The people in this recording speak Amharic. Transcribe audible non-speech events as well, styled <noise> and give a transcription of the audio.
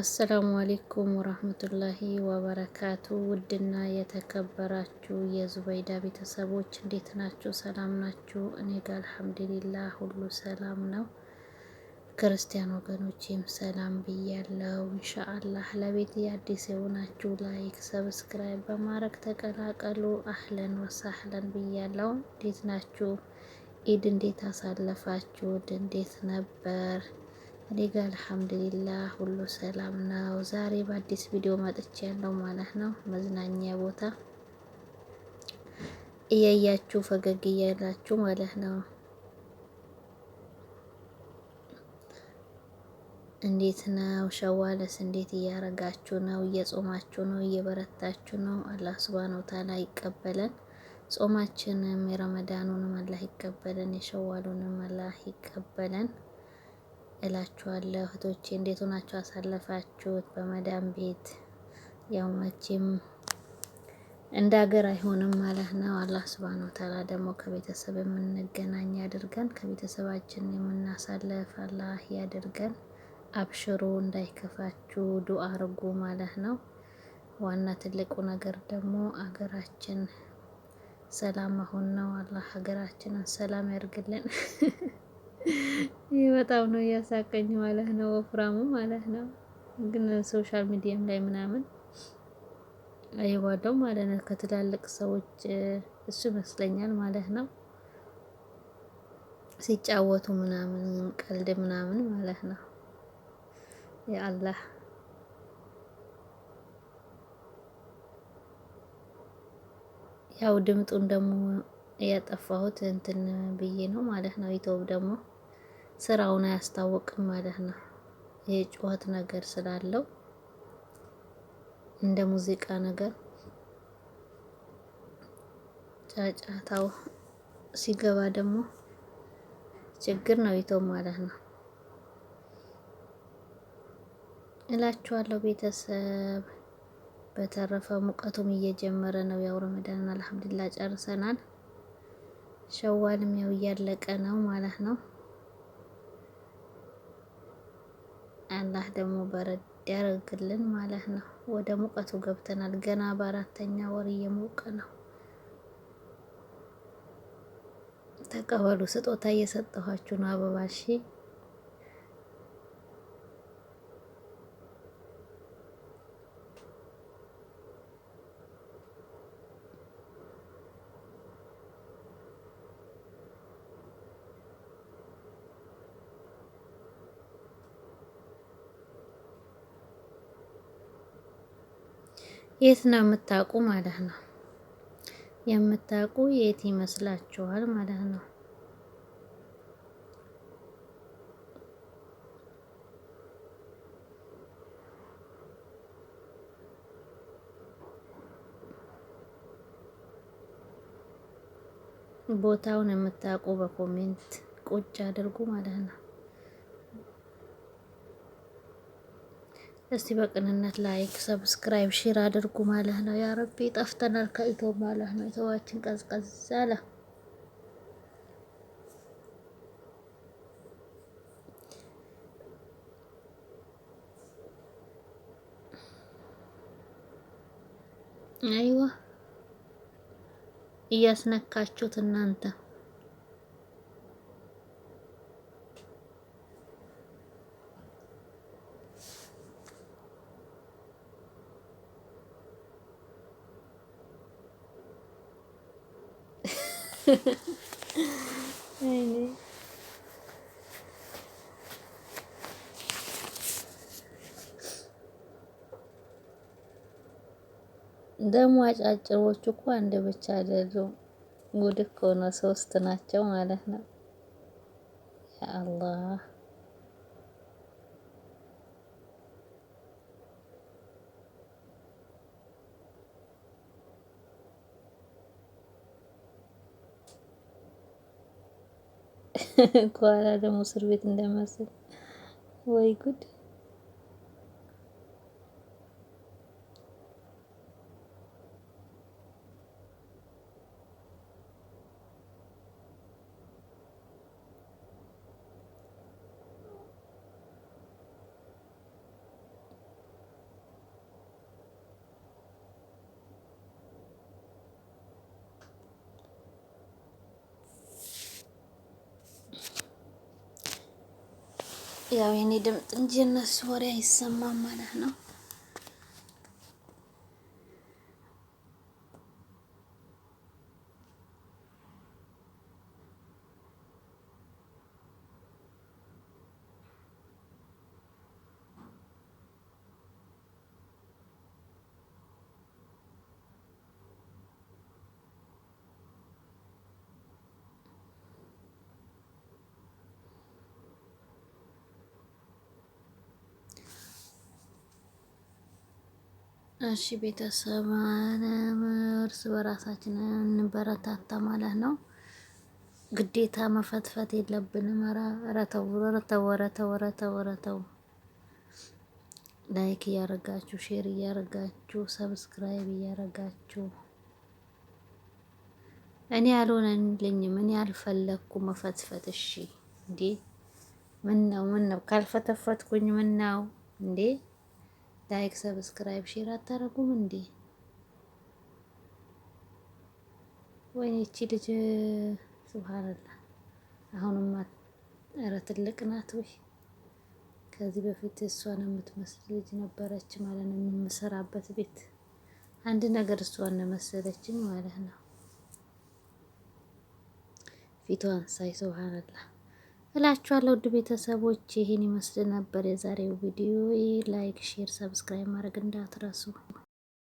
አሰላሙ አሌይኩም ወራህመቱላሂ ወበረካቱ። ውድና የተከበራችሁ የዙበይዳ ቤተሰቦች እንዴት ናችሁ? ሰላም ናችሁ? እኔ ጋር አልሐምዱሊላህ ሁሉ ሰላም ነው። ክርስቲያን ወገኖቼም ሰላም ብያለው። እንሻአላህ ለቤት የአዲስ የሆናችሁ ላይክ፣ ሰብስክራይብ በማድረግ ተቀላቀሉ። አህለን ወሳህለን ብያለው። እንዴት ናችሁ? ኢድ እንዴት አሳለፋችሁት? እንዴት ነበር? እኔ ጋር አልሐምዱሊላህ ሁሉ ሰላም ነው። ዛሬ በአዲስ ቪዲዮ መጥቼ ያለው ማለት ነው መዝናኛ ቦታ እያያችሁ ፈገግ እያላችሁ ማለት ነው። እንዴት ነው ሸዋለስ? እንዴት እያረጋችሁ ነው? እየጾማችሁ ነው? እየበረታችሁ ነው? አላህ ሱብሃነሁ ወተዓላ ይቀበለን። ጾማችንም የረመዳኑንም አላህ ይቀበለን፣ የሸዋሉንም አላህ ይቀበለን። እላችኋለሁ። እህቶቼ እንዴት ሆናችሁ አሳለፋችሁት? በመዳም ቤት ያው መቼም እንደ ሀገር አይሆንም ማለት ነው። አላህ ስብሃነ ወተዓላ ደግሞ ከቤተሰብ የምንገናኝ ያድርገን። ከቤተሰባችን የምናሳለፍ አላህ ያድርገን። አብሽሩ እንዳይከፋችሁ ዱአ አርጉ ማለት ነው። ዋና ትልቁ ነገር ደግሞ አገራችን ሰላም መሆን ነው። አላህ ሀገራችንን ሰላም ያርግልን። <laughs> ይህ በጣም ነው እያሳቀኝ ማለት ነው፣ ወፍራሙ ማለት ነው። ግን ሶሻል ሚዲያም ላይ ምናምን አይዋደው ማለት ነው ከትላልቅ ሰዎች እሱ ይመስለኛል ማለት ነው ሲጫወቱ ምናምን ቀልድ ምናምን ማለት ነው። የአላህ ያው ድምጡን ደግሞ ያጠፋሁት እንትን ብዬ ነው ማለት ነው። ኢትዮብ ደግሞ ስራውን አያስታወቅም ማለት ነው። የጩኸት ነገር ስላለው እንደ ሙዚቃ ነገር ጫጫታው ሲገባ ደግሞ ችግር ነው ይተው ማለት ነው እላችኋለሁ ቤተሰብ። በተረፈ ሙቀቱም እየጀመረ ነው። ያው ረመዳን አልሐምዱሊላህ ጨርሰናል። ሸዋልም ያው እያለቀ ነው ማለት ነው። አላህ ደግሞ በረድ ያደርግልን ማለት ነው። ወደ ሙቀቱ ገብተናል። ገና በአራተኛ ወር እየሞቀ ነው። ተቀበሉ። ስጦታ እየሰጠኋችሁ ነው። አበባ የት ነው የምታውቁ ማለት ነው። የምታውቁ የት ይመስላችኋል ማለት ነው። ቦታውን የምታውቁ በኮሜንት ቁጭ አድርጉ ማለት ነው። እስቲ በቅንነት ላይክ፣ ሰብስክራይብ፣ ሼር አድርጉ ማለት ነው። ያ ረቢ ጠፍተናል ከኢቶ ማለት ነው። ኢቶዋችን ቀዝቀዝ አለ። አይዋ እያስነካችሁት እናንተ <laughs> ደግሞ አጫጭሮቹ እኮ አንድ ብቻ አይደሉም። ጉድ እኮ ነው፣ ሶስት ናቸው ማለት ነው። ያ አላህ ከኋላ <laughs> ደግሞ እስር ቤት እንደማስብ ወይ ጉድ ያው የኔ ድምፅ እንጂ እነሱ ወሬ አይሰማም ማለት ነው። እሺ ቤተሰብ እርስ በራሳችን እንበረታታ ማለት ነው። ግዴታ መፈትፈት የለብንም። ኧረ ረተው ኧረ ተው ኧረ ላይክ እያደረጋችሁ ሼር እያደረጋችሁ ሰብስክራይብ እያደረጋችሁ እኔ ያልሆነልኝም እኔ አልፈለኩም መፈትፈት። እሺ እንዴ ምን ነው ምን ነው ካልፈተፈትኩኝ ምን ነው እንዴ ላይክ፣ ሰብስክራይብ፣ ሼር አታረጉም እንዴ? ወይኔ እቺ ልጅ ሱብሃንአላህ። አሁንማ ኧረ ትልቅ ናት ወይ! ከዚህ በፊት እሷን የምትመስል ልጅ ነበረች ማለት ነው። የምሰራበት ቤት አንድ ነገር እሷን መሰለችኝ ማለት ነው። ፊቷን ሳይ ሱብሃንአላህ እላችኋለሁ ውድ ቤተሰቦች ይህን ይመስል ነበር የዛሬው ቪዲዮ። ላይክ፣ ሼር፣ ሰብስክራይብ ማድረግ እንዳትረሱ።